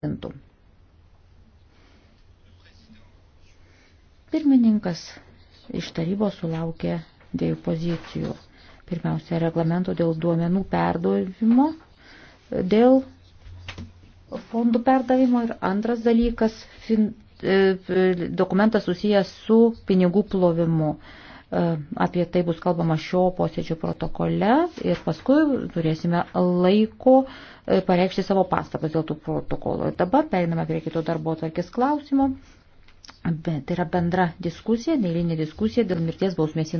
prezidentų. Pirmininkas iš tarybos sulaukė dviejų pozicijų. Pirmiausia, reglamento dėl duomenų perdavimo, dėl fondų perdavimo ir antras dalykas, fin, e, dokumentas susijęs su pinigų plovimu. E, E, apie tai bus kalbama šio posėdžio protokole ir paskui turėsime laiko e, pareikšti savo pastabas dėl tų protokolų. Dabar periname prie kito darbo atvarkės klausimo. Bet tai yra bendra diskusija, neįlinė diskusija dėl mirties bausmės